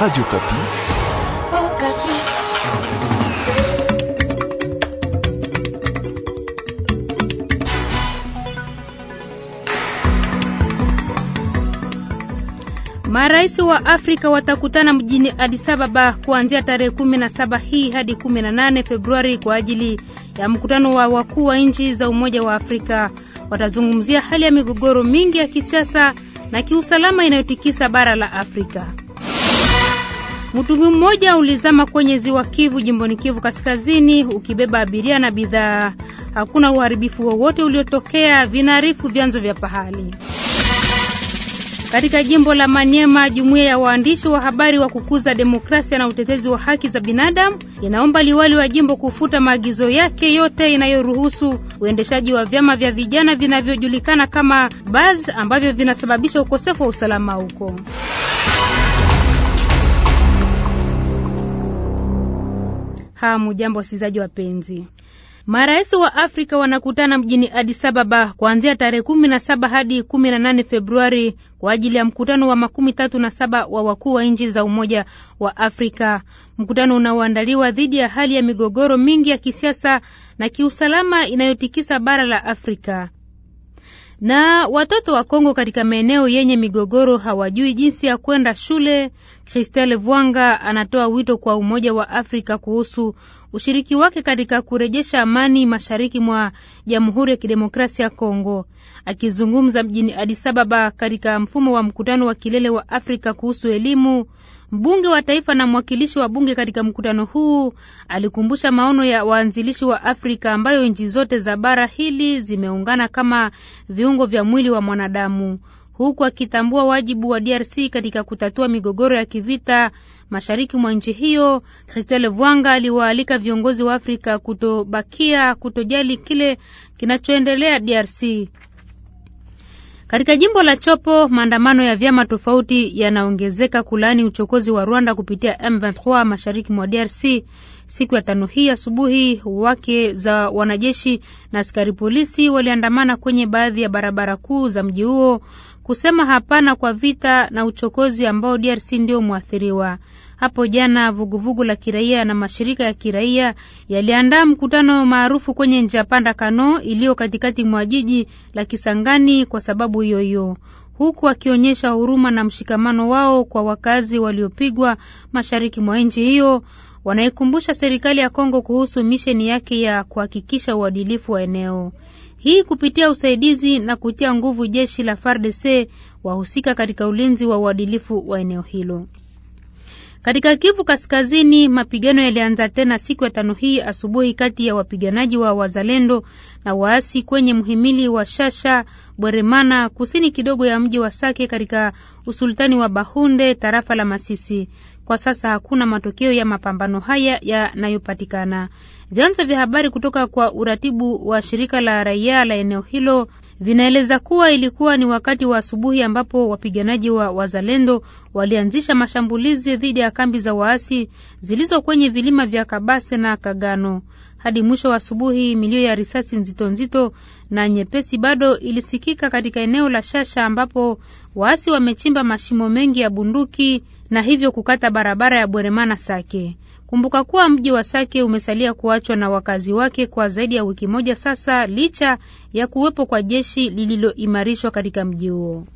Radio Kapi. Oh, Kapi. Marais wa Afrika watakutana mjini Addis Ababa kuanzia tarehe 17 hii hadi 18 Februari kwa ajili ya mkutano wa wakuu wa nchi za Umoja wa Afrika. Watazungumzia hali ya migogoro mingi ya kisiasa na kiusalama inayotikisa bara la Afrika. Mtumbwi mmoja ulizama kwenye ziwa Kivu jimboni Kivu Kaskazini ukibeba abiria na bidhaa. Hakuna uharibifu wowote uliotokea, vinaarifu vyanzo vya pahali. Katika jimbo la Manyema, jumuiya ya waandishi wa habari wa kukuza demokrasia na utetezi wa haki za binadamu inaomba liwali wa jimbo kufuta maagizo yake yote inayoruhusu uendeshaji wa vyama vya vijana vinavyojulikana kama baz ambavyo vinasababisha ukosefu wa usalama huko. Hamu jambo wasikilizaji wapenzi. Marais wa Afrika wanakutana mjini Addis Ababa kuanzia tarehe kumi na saba hadi kumi na nane Februari kwa ajili ya mkutano wa makumi tatu na saba wa wakuu wa nchi za Umoja wa Afrika, mkutano unaoandaliwa dhidi ya hali ya migogoro mingi ya kisiasa na kiusalama inayotikisa bara la Afrika na watoto wa Kongo katika maeneo yenye migogoro hawajui jinsi ya kwenda shule. Christelle Vwanga anatoa wito kwa Umoja wa Afrika kuhusu ushiriki wake katika kurejesha amani mashariki mwa Jamhuri ya Kidemokrasia ya Kongo. Akizungumza mjini Addis Ababa katika mfumo wa mkutano wa kilele wa Afrika kuhusu elimu, Mbunge wa taifa na mwakilishi wa bunge katika mkutano huu alikumbusha maono ya waanzilishi wa Afrika ambayo nchi zote za bara hili zimeungana kama viungo vya mwili wa mwanadamu, huku akitambua wajibu wa DRC katika kutatua migogoro ya kivita mashariki mwa nchi hiyo. Christelle Vwanga aliwaalika viongozi wa Afrika kutobakia kutojali kile kinachoendelea DRC. Katika jimbo la Chopo, maandamano ya vyama tofauti yanaongezeka kulaani uchokozi wa Rwanda kupitia M23 mashariki mwa DRC. Siku ya tano hii asubuhi, wake za wanajeshi na askari polisi waliandamana kwenye baadhi ya barabara kuu za mji huo kusema hapana kwa vita na uchokozi ambao DRC ndio mwathiriwa. Hapo jana vuguvugu vugu la kiraia na mashirika ya kiraia yaliandaa mkutano maarufu kwenye njia panda Kano iliyo katikati mwa jiji la Kisangani kwa sababu hiyo hiyo, huku wakionyesha huruma na mshikamano wao kwa wakazi waliopigwa mashariki mwa nchi hiyo. Wanaikumbusha serikali ya Kongo kuhusu misheni yake ya kuhakikisha uadilifu wa eneo hii kupitia usaidizi na kutia nguvu jeshi la FARDC wahusika katika ulinzi wa uadilifu wa eneo hilo. Katika Kivu Kaskazini, mapigano yalianza tena siku ya tano hii asubuhi kati ya wapiganaji wa Wazalendo na waasi kwenye mhimili wa Shasha Bweremana, kusini kidogo ya mji wa Sake katika usultani wa Bahunde, tarafa la Masisi. Kwa sasa hakuna matokeo ya mapambano haya yanayopatikana. Vyanzo vya habari kutoka kwa uratibu wa shirika la raia la eneo hilo vinaeleza kuwa ilikuwa ni wakati wa asubuhi ambapo wapiganaji wa wazalendo walianzisha mashambulizi dhidi ya kambi za waasi zilizo kwenye vilima vya Kabase na Kagano. Hadi mwisho wa asubuhi, milio ya risasi nzito nzito na nyepesi bado ilisikika katika eneo la Shasha, ambapo waasi wamechimba mashimo mengi ya bunduki na hivyo kukata barabara ya Bweremana Sake. Kumbuka kuwa mji wa Sake umesalia kuachwa na wakazi wake kwa zaidi ya wiki moja sasa, licha ya kuwepo kwa jeshi lililoimarishwa katika mji huo.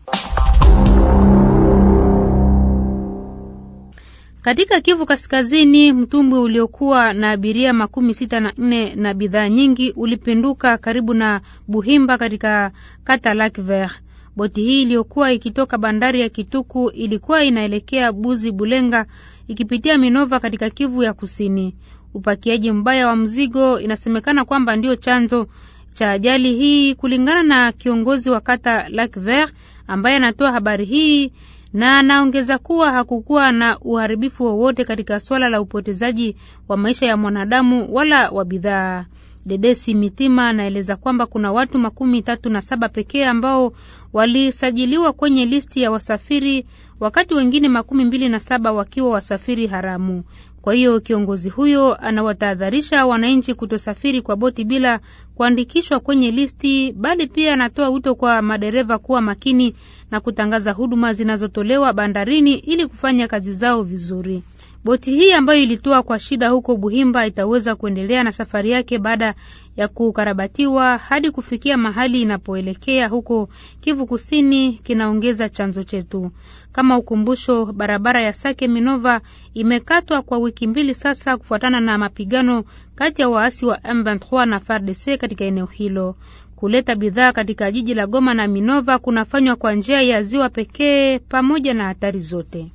Katika Kivu Kaskazini, mtumbwi uliokuwa na abiria makumi sita na nne na bidhaa nyingi ulipinduka karibu na Buhimba katika kata Lac Vert. Boti hii iliyokuwa ikitoka bandari ya Kituku ilikuwa inaelekea Buzi Bulenga ikipitia Minova katika Kivu ya Kusini. Upakiaji mbaya wa mzigo inasemekana kwamba ndio chanzo cha ajali hii, kulingana na kiongozi wa kata Lac Vert ambaye anatoa habari hii na anaongeza kuwa hakukuwa na uharibifu wowote katika swala la upotezaji wa maisha ya mwanadamu wala wa bidhaa. Dedesi Mitima anaeleza kwamba kuna watu makumi tatu na saba pekee ambao walisajiliwa kwenye listi ya wasafiri, wakati wengine makumi mbili na saba wakiwa wasafiri haramu. Kwa hiyo kiongozi huyo anawatahadharisha wananchi kutosafiri kwa boti bila kuandikishwa kwenye listi, bali pia anatoa wito kwa madereva kuwa makini na kutangaza huduma zinazotolewa bandarini ili kufanya kazi zao vizuri. Boti hii ambayo ilitoa kwa shida huko Buhimba itaweza kuendelea na safari yake baada ya kukarabatiwa hadi kufikia mahali inapoelekea huko Kivu Kusini, kinaongeza chanzo chetu. Kama ukumbusho, barabara ya Sake Minova imekatwa kwa wiki mbili sasa kufuatana na mapigano kati ya waasi wa M23 na FARDC katika eneo hilo. Kuleta bidhaa katika jiji la Goma na Minova kunafanywa kwa njia ya ziwa pekee pamoja na hatari zote.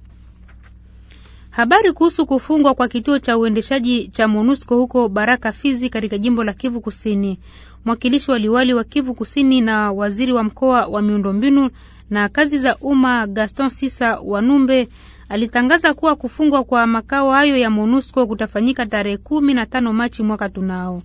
Habari kuhusu kufungwa kwa kituo cha uendeshaji cha MONUSCO huko Baraka Fizi katika jimbo la Kivu Kusini. Mwakilishi wa liwali wa Kivu Kusini na waziri wa mkoa wa miundombinu na kazi za umma Gaston Sisa Wanumbe alitangaza kuwa kufungwa kwa makao hayo ya MONUSCO kutafanyika tarehe kumi na tano Machi mwaka tunao.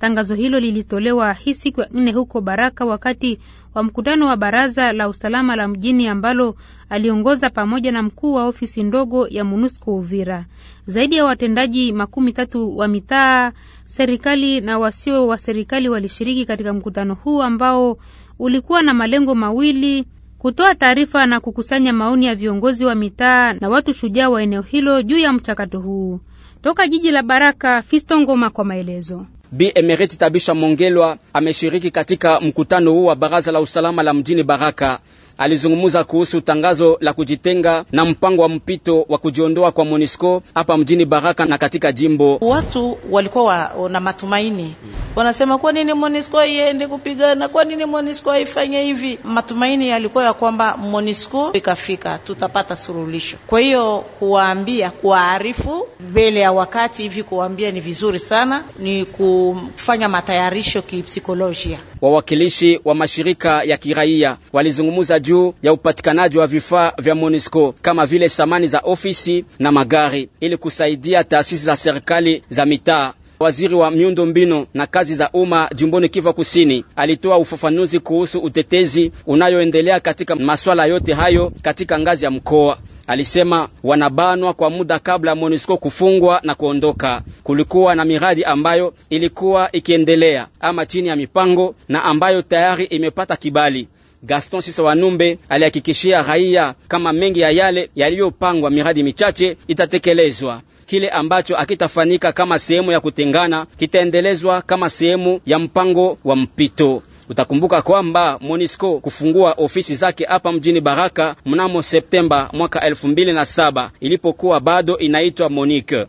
Tangazo hilo lilitolewa hii siku ya nne huko Baraka wakati wa mkutano wa baraza la usalama la mjini ambalo aliongoza pamoja na mkuu wa ofisi ndogo ya MONUSCO Uvira. Zaidi ya watendaji makumi tatu wa mitaa, serikali na wasio wa serikali walishiriki katika mkutano huu ambao ulikuwa na malengo mawili kutoa taarifa na kukusanya maoni ya viongozi wa mitaa na watu shujaa wa eneo hilo juu ya mchakato huu. Toka jiji la Baraka, Fisto Ngoma kwa maelezo. Bi Emeriti Tabisha Mongelwa ameshiriki katika mkutano huu wa baraza la usalama la mjini Baraka alizungumza kuhusu tangazo la kujitenga na mpango wa mpito wa kujiondoa kwa MONUSCO hapa mjini Baraka na katika jimbo. Watu walikuwa na matumaini, wanasema kwa nini MONUSCO iende kupigana? Kwa nini MONUSCO haifanye hivi? Matumaini yalikuwa ya kwamba MONUSCO ikafika, tutapata suluhisho. Kwa hiyo kuwaambia, kuwaarifu mbele ya wakati hivi, kuwaambia ni vizuri sana, ni kufanya matayarisho kipsikolojia wawakilishi wa mashirika ya kiraia walizungumza juu ya upatikanaji wa vifaa vya MONUSCO kama vile samani za ofisi na magari ili kusaidia taasisi za serikali za mitaa. Waziri wa miundo mbinu na kazi za umma jimboni Kivu Kusini alitoa ufafanuzi kuhusu utetezi unayoendelea katika masuala yote hayo katika ngazi ya mkoa alisema wanabanwa kwa muda kabla MONUSCO kufungwa na kuondoka. Kulikuwa na miradi ambayo ilikuwa ikiendelea ama chini ya mipango na ambayo tayari imepata kibali Gaston Sisa Wanumbe alihakikishia raia kama mengi ya yale yaliyopangwa, miradi michache itatekelezwa. Kile ambacho akitafanika kama sehemu ya kutengana kitaendelezwa kama sehemu ya mpango wa mpito. Utakumbuka kwamba Monisco kufungua ofisi zake hapa mjini Baraka mnamo Septemba mwaka 2007 ilipokuwa bado inaitwa Monique.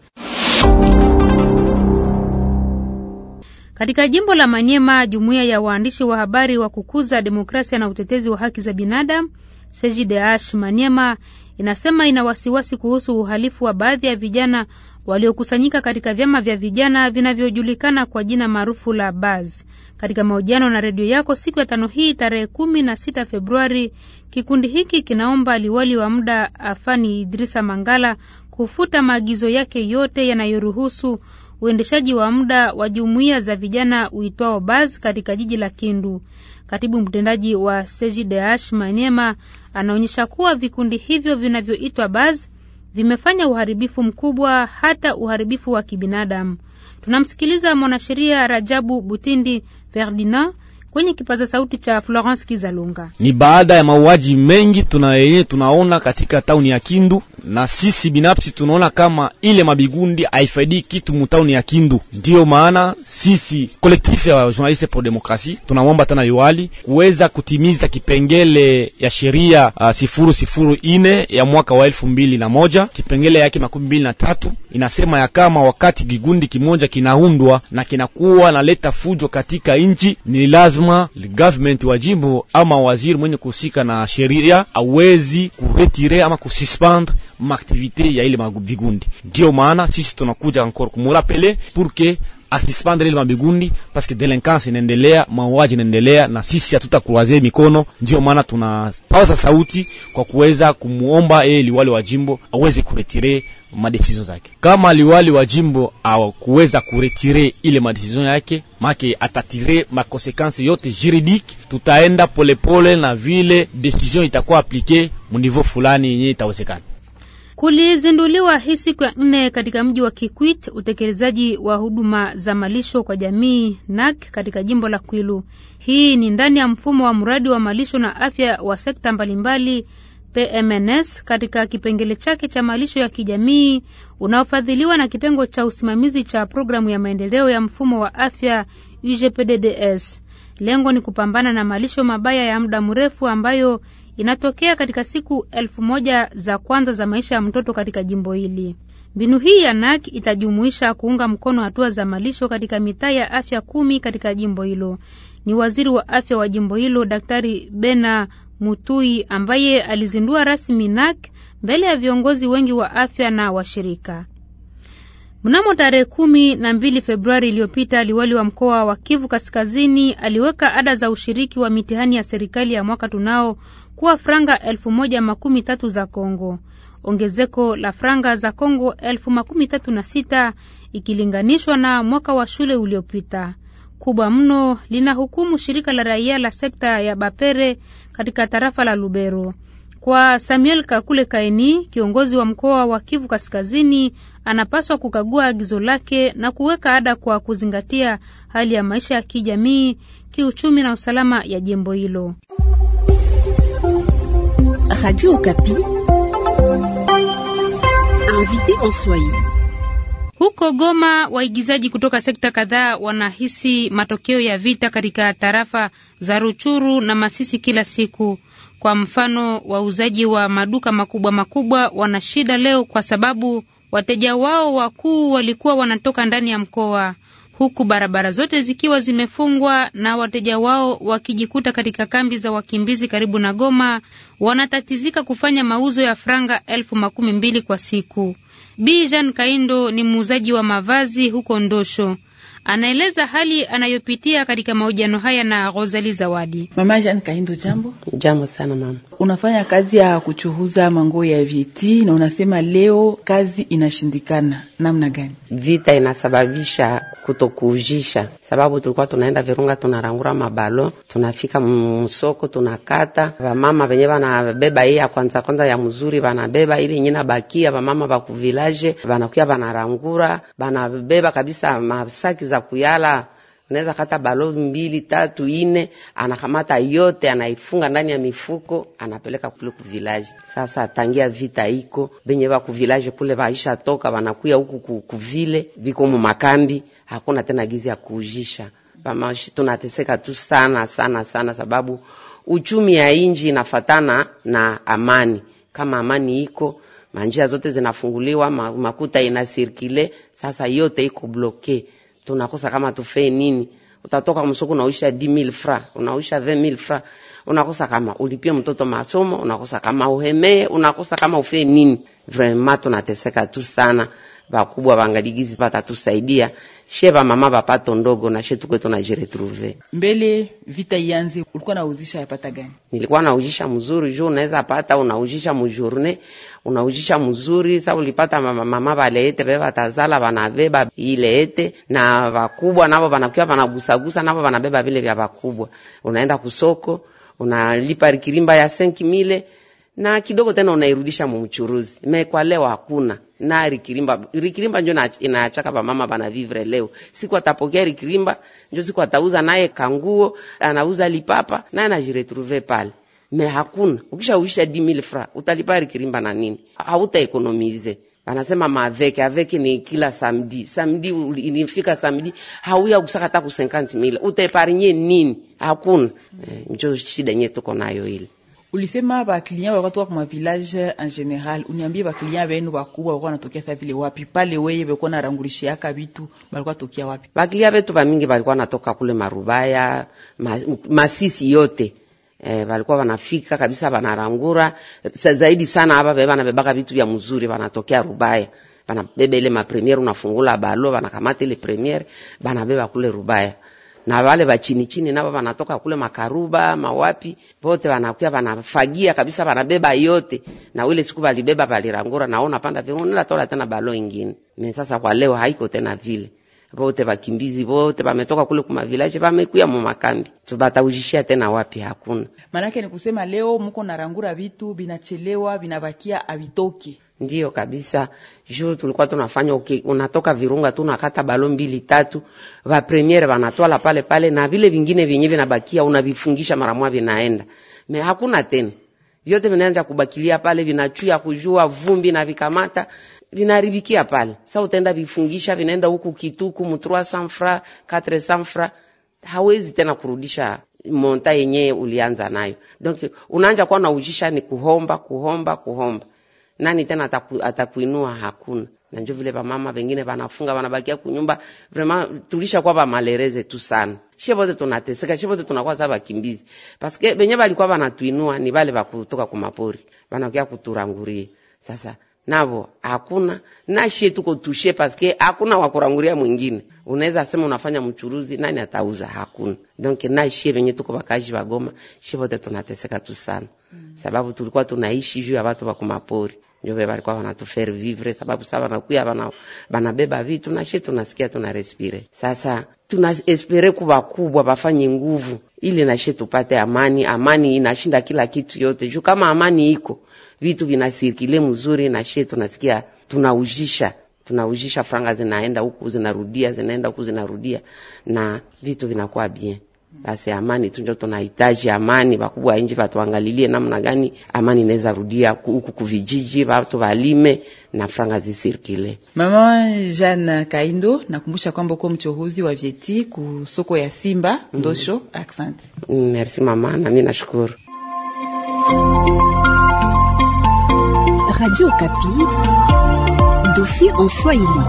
Katika jimbo la Manyema, jumuiya ya waandishi wa habari wa kukuza demokrasia na utetezi wa haki za binadamu CJDH Manyema inasema ina wasiwasi kuhusu uhalifu wa baadhi ya vijana waliokusanyika katika vyama vya vijana vinavyojulikana kwa jina maarufu la Baz. Katika mahojiano na redio yako siku ya tano hii tarehe kumi na sita Februari, kikundi hiki kinaomba liwali wa muda Afani Idrisa Mangala kufuta maagizo yake yote yanayoruhusu uendeshaji wa muda wa jumuiya za vijana uitwao Baz katika jiji la Kindu. Katibu mtendaji wa CJDH Maniema anaonyesha kuwa vikundi hivyo vinavyoitwa Baz vimefanya uharibifu mkubwa, hata uharibifu wa kibinadamu. Tunamsikiliza mwanasheria Rajabu Butindi Ferdinand kwenye kipaza sauti cha Florence Kizalunga. Ni baada ya mauaji mengi tuna yenye tunaona katika tauni ya Kindu na sisi binafsi tunaona kama ile mabigundi haifaidi kitu mutauni ya Kindu. Ndiyo maana sisi kolektifu ya journaliste pour demokrasi tunamwomba tena liwali kuweza kutimiza kipengele ya sheria uh, sifuru sifuru ine ya mwaka wa elfu mbili na moja kipengele yake makumi mbili na tatu inasema ya kama wakati kigundi kimoja kinaundwa na kinakuwa naleta fujo katika nchi, ni lazima government wa jimbo ama waziri mwenye kuhusika na sheria awezi kuretire ama kususpendre maaktivite ya ile mavigundi. Ndio maana sisi tunakuja encore kumurapele pour que asispandre ile mabigundi parce que delinquance inaendelea, mauaji inaendelea, na sisi hatutakuwazia mikono. Ndio maana tunapaza sauti kwa kuweza kumuomba yeye liwali wa jimbo aweze kuretire madecision zake. Kama liwali wa jimbo hawakuweza kuretire ile madecision yake, make atatire makonsekansi yote juridique, Tutaenda polepole pole na vile decision itakuwa aplike mu niveau fulani yenye itawezekana. Kulizinduliwa hii siku ya nne katika mji wa Kikwit utekelezaji wa huduma za malisho kwa jamii NAK katika jimbo la Kwilu. Hii ni ndani ya mfumo wa mradi wa malisho na afya wa sekta mbalimbali PMNS katika kipengele chake cha malisho ya kijamii unaofadhiliwa na kitengo cha usimamizi cha programu ya maendeleo ya mfumo wa afya UGPDDS. Lengo ni kupambana na malisho mabaya ya muda mrefu ambayo inatokea katika siku elfu moja za kwanza za maisha ya mtoto katika jimbo hili. Mbinu hii ya NAC itajumuisha kuunga mkono hatua za malisho katika mitaa ya afya kumi katika jimbo hilo. Ni waziri wa afya wa jimbo hilo Daktari Bena Mutui ambaye alizindua rasmi NAC mbele ya viongozi wengi wa afya na washirika. Mnamo tarehe kumi na mbili Februari iliyopita, liwali wa mkoa wa Kivu Kaskazini aliweka ada za ushiriki wa mitihani ya serikali ya mwaka tunao kuwa franga elfu moja makumi tatu za Kongo, ongezeko la franga za Kongo elfu makumi tatu na sita ikilinganishwa na mwaka wa shule uliopita. Kubwa mno linahukumu shirika la raia la sekta ya Bapere katika tarafa la Lubero. Kwa Samuel Kakule Kaini, kiongozi wa mkoa wa Kivu Kaskazini, anapaswa kukagua agizo lake na kuweka ada kwa kuzingatia hali ya maisha ya kijamii, kiuchumi na usalama ya jimbo hilo. Radio Okapi. Invité en Swahili. Huko Goma waigizaji kutoka sekta kadhaa wanahisi matokeo ya vita katika tarafa za Ruchuru na Masisi kila siku. Kwa mfano, wauzaji wa maduka makubwa makubwa wana shida leo kwa sababu wateja wao wakuu walikuwa wanatoka ndani ya mkoa huku barabara zote zikiwa zimefungwa na wateja wao wakijikuta katika kambi za wakimbizi karibu na Goma, wanatatizika kufanya mauzo ya franga elfu makumi mbili kwa siku. Bi Jean Kaindo ni muuzaji wa mavazi huko Ndosho. Anaeleza hali anayopitia katika mahojiano haya na Rosali Zawadi. Mama Jean Kahindo, jambo. Jambo sana mama. Unafanya kazi ya kuchuhuza manguo ya viti na unasema leo kazi inashindikana, namna gani? Vita inasababisha kutokuujisha, sababu tulikuwa tunaenda Virunga, tunarangura mabalo, tunafika msoko, tunakata vamama venye vanabeba hii ya kwanza kwanza ya mzuri vanabeba ili nyina bakia vamama vakuvilaje vanakuya vanarangura vanabeba kabisa masa saki za kuyala naweza kata balo mbili tatu ine, anakamata yote anaifunga ndani ya mifuko, anapeleka kule ku village. Sasa tangia vita iko benye ba ku village kule baisha toka wanakuya huku ku vile biko mu makambi, hakuna tena gizi ya kuujisha pamashi. Tunateseka tu sana sana sana, sababu uchumi ya inji inafatana na amani. Kama amani iko manjia zote zinafunguliwa, makuta inasirkile, sasa yote iko bloke tunakosa kama tufee nini? Utatoka msoko unaisha 10000 francs, unaisha 20000 fra unakosa kama ulipie mtoto masomo, unakosa kama uhemee, unakosa kama ufee nini? Vraiment tunateseka tu sana bakubwa bangaligizi batatusaidia she mama bapato ndogo na she na jiretruve mbele vita ianze. Ulikuwa nauzisha yapata gani? Nilikuwa naujisha mzuri juu unaweza pata unaujisha mujourne unaujisha mzuri sa ulipata mama, mama baleete be batazala banabeba ileete na bakubwa nabo banakuwa banagusagusa nabo banabeba vile vya bakubwa. Unaenda kusoko unalipa kirimba ya senki mile na kidogo tena unairudisha mumchuruzi. Me kwa leo hakuna na Rikirimba. Rikirimba njo na inaachaka ba mama bana vivre leo, siku atapokea Rikirimba njo siku atauza naye kanguo, anauza lipapa naye anajiretrouve pale me hakuna ukisha uisha 10000 francs utalipa Rikirimba na nini? Hauta ekonomize Anasema maveke aveke ni kila samedi samedi, inifika samedi hauya kusaka hata ku 50000 utaeparnye nini? Hakuna eh, njo shida nyetu tuko nayo ile. Ulisema baklinia wako toka kwa village en general, uniambie baklinia wenu wakubwa wako wanatokea sasa vile wapi? Pale wewe wako na rangulisha yaka vitu balikuwa tokea wapi? Baklinia wetu ba mingi balikuwa natoka kule Marubaya, Masisi yote. Eh, balikuwa wanafika kabisa banarangura zaidi sana hapa beba na bebaka vitu vya mzuri banatokea Rubaya. Banabeba ile ma premiere unafungula balo banakamata ile premiere banabeba kule Rubaya na wale wa chini chini nao wanatoka kule makaruba mawapi, wote wanakuya wanafagia kabisa, wanabeba yote. Na ule siku walibeba walirangura, naona panda vile na tola tena balo ingine. Mimi sasa kwa leo haiko tena vile, wote wakimbizi wote wametoka kule kuma village, wamekuya mu makambi, tubataujishia tena wapi? Hakuna maana ni kusema leo mko narangura vitu vinachelewa, vinabakia avitoki ndio kabisa, juu tulikuwa tunafanya okay, unatoka Virunga tu nakata balo mbili tatu, va premiere vanatwala pale pale, na vile vingine vyenye vinabakia unavifungisha mara moja vinaenda. Me hakuna tena. Vyote vinaanza kubakilia pale vinachuya kujua vumbi na vikamata vinaharibikia pale. Sasa utaenda vifungisha vinaenda huku kituku mtrua sanfra, katre sanfra, hawezi tena kurudisha monta yenye ulianza nayo. Donc unaanza kuwa na ujisha ni kuhomba kuhomba kuhomba nani tena ataku, atakuinua? Hakuna. Na njo vile vamama vengine vanafunga vanabakia kunyumba, vrema tulisha kwa ba malereze tu sana. Shie bote tunateseka, shie bote tunakuwa sasa bakimbizi. Paske benye balikuwa banatuinua ni bale bakutoka kwa mapori. Banakia kuturanguria. Sasa nabo hakuna na shie tuko tushe paske hakuna wakuranguria mwingine. Unaweza sema unafanya mchuruzi, nani atauza? Hakuna. Donc na shie benye tuko bakaji Goma, shie bote tunateseka tu sana. mm, Sababu tulikuwa tunaishi juu ya watu wa kumapori. Njove walikuwa wanatuferi vivre, sababu saa wanakuya wana, wanabeba vitu na shi, tunasikia tuna respire. Sasa tuna espere kuwa kubwa bafanye nguvu ili nashi tupate amani. Amani inashinda kila kitu yote, juu kama amani iko vitu vinasirikile mzuri, nashi tunasikia tunaujisha tunaujisha, franga zinaenda huku zinarudia, zinaenda huku zinarudia, na vitu vinakuwa bien. Basi amani tu ndio tunahitaji amani. Wakubwa nje watuangalilie namna gani amani inaweza rudia huku kuvijiji, watu walime na franga zisirikile. Mama Jeanne Kaindo, nakumbusha kwamba uko mchuhuzi wa vyeti ku soko ya Simba mm. Ndosho. mm. Accent mm, merci mama, na mimi nashukuru Radio Kapi, dossier en Swahili.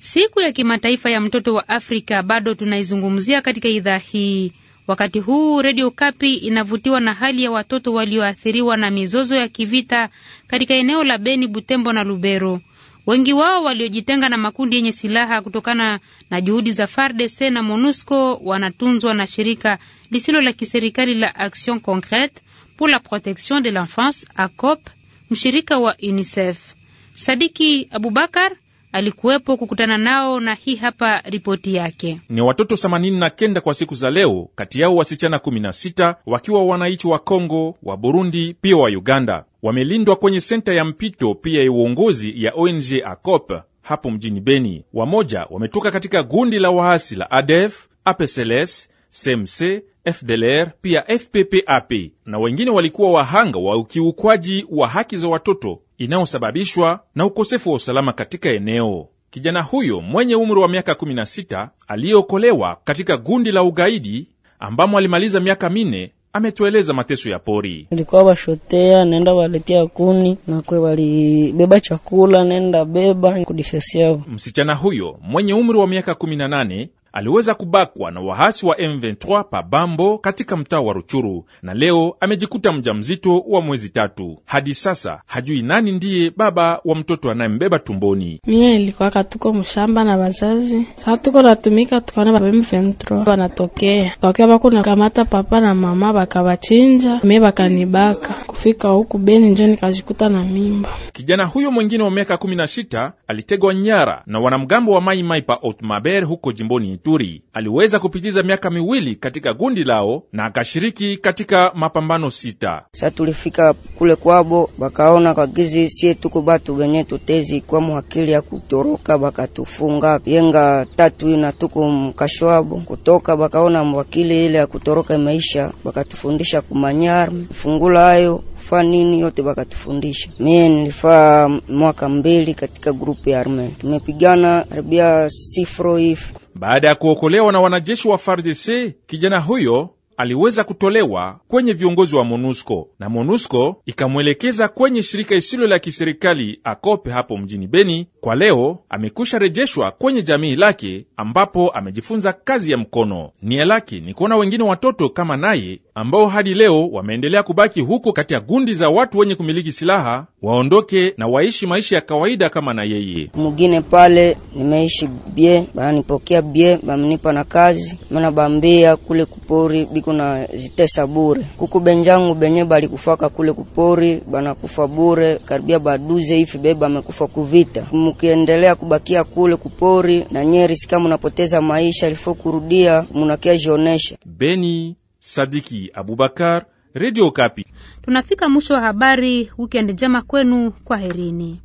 Siku ya kimataifa ya mtoto wa Afrika bado tunaizungumzia katika idhaa hii. Wakati huu Radio Kapi inavutiwa na hali ya watoto walioathiriwa na mizozo ya kivita katika eneo la Beni, Butembo na Lubero. Wengi wao waliojitenga na makundi yenye silaha kutokana na juhudi za FARDC na MONUSCO wanatunzwa na shirika lisilo la kiserikali la Action Concrete pour la Protection de l'Enfance, ACOP, mshirika wa UNICEF. Sadiki Abubakar alikuwepo kukutana nao na hii hapa ripoti yake. Ni watoto 89 kwa siku za leo, kati yao wasichana 16 wakiwa wananchi wa Kongo, wa Burundi pia wa Uganda, wamelindwa kwenye senta ya mpito pia ya uongozi ya ONG ACOP hapo mjini Beni. Wamoja wametoka katika gundi la waasi la ADF, APCLS, CMC, FDLR pia FPPAP, na wengine walikuwa wahanga wa ukiukwaji wa haki za watoto inayosababishwa na ukosefu wa usalama katika eneo. Kijana huyo mwenye umri wa miaka 16 aliyeokolewa katika gundi la ugaidi ambamo alimaliza miaka mine ametueleza mateso ya pori. Ilikuwa washotea nenda waletia kuni nakwe walibeba chakula nenda beba kudifesia. Msichana huyo mwenye umri wa miaka 18 aliweza kubakwa na wahasi wa M23 pa Bambo katika mtaa wa Ruchuru, na leo amejikuta mjamzito wa mwezi tatu. Hadi sasa hajui nani ndiye baba wa mtoto anayembeba tumboni. Mie ilikuwaka tuko mshamba na wazazi, saa tuko natumika, tukaona M23 wanatokea kakia bako nakamata papa na mama, bakabachinja mie bakanibaka. Kufika huku Beni njo nikajikuta na mimba. Kijana huyo mwingine wa miaka 16 alitegwa nyara na wanamgambo wa Maimai pa Otmaber huko jimboni Ituri. Aliweza kupitiza miaka miwili katika gundi lao na akashiriki katika mapambano sita. Sa tulifika kule kwabo, bakaona kagizi sie tuko batu benye tutezi kwa muhakili ya kutoroka, bakatufunga yenga tatu na tuko mkashwabo kutoka, bakaona mwakili ile ya kutoroka imeisha, bakatufundisha kumanyarme fungula ayo fa nini yote bakatufundisha. Mie nilifaa mwaka mbili katika grupu ya arme, tumepigana sifro sifroif baada ya kuokolewa na wanajeshi wa FARDC, kijana huyo aliweza kutolewa kwenye viongozi wa MONUSCO na MONUSCO ikamwelekeza kwenye shirika isilo la kiserikali akope hapo mjini Beni. Kwa leo amekwisha rejeshwa kwenye jamii lake ambapo amejifunza kazi ya mkono. Nia lake ni kuona wengine watoto kama naye ambao hadi leo wameendelea kubaki huko kati ya gundi za watu wenye kumiliki silaha waondoke na waishi maisha ya kawaida kama na yeye. Mugine pale nimeishi bie, bananipokea bie, bamnipa na kazi, mana bambia kule kupori biko tuna jitesa bure kuku benjangu benye balikufaka kule kupori banakufa bure karibia baduze hivi beba amekufa kuvita. Mkiendelea kubakia kule kupori na nyeri sika munapoteza maisha ilifo kurudia munakia jionesha. Beni Sadiki Abubakar, Radio Kapi. Tunafika mwisho wa habari. Wikendi njema kwenu, kwa herini.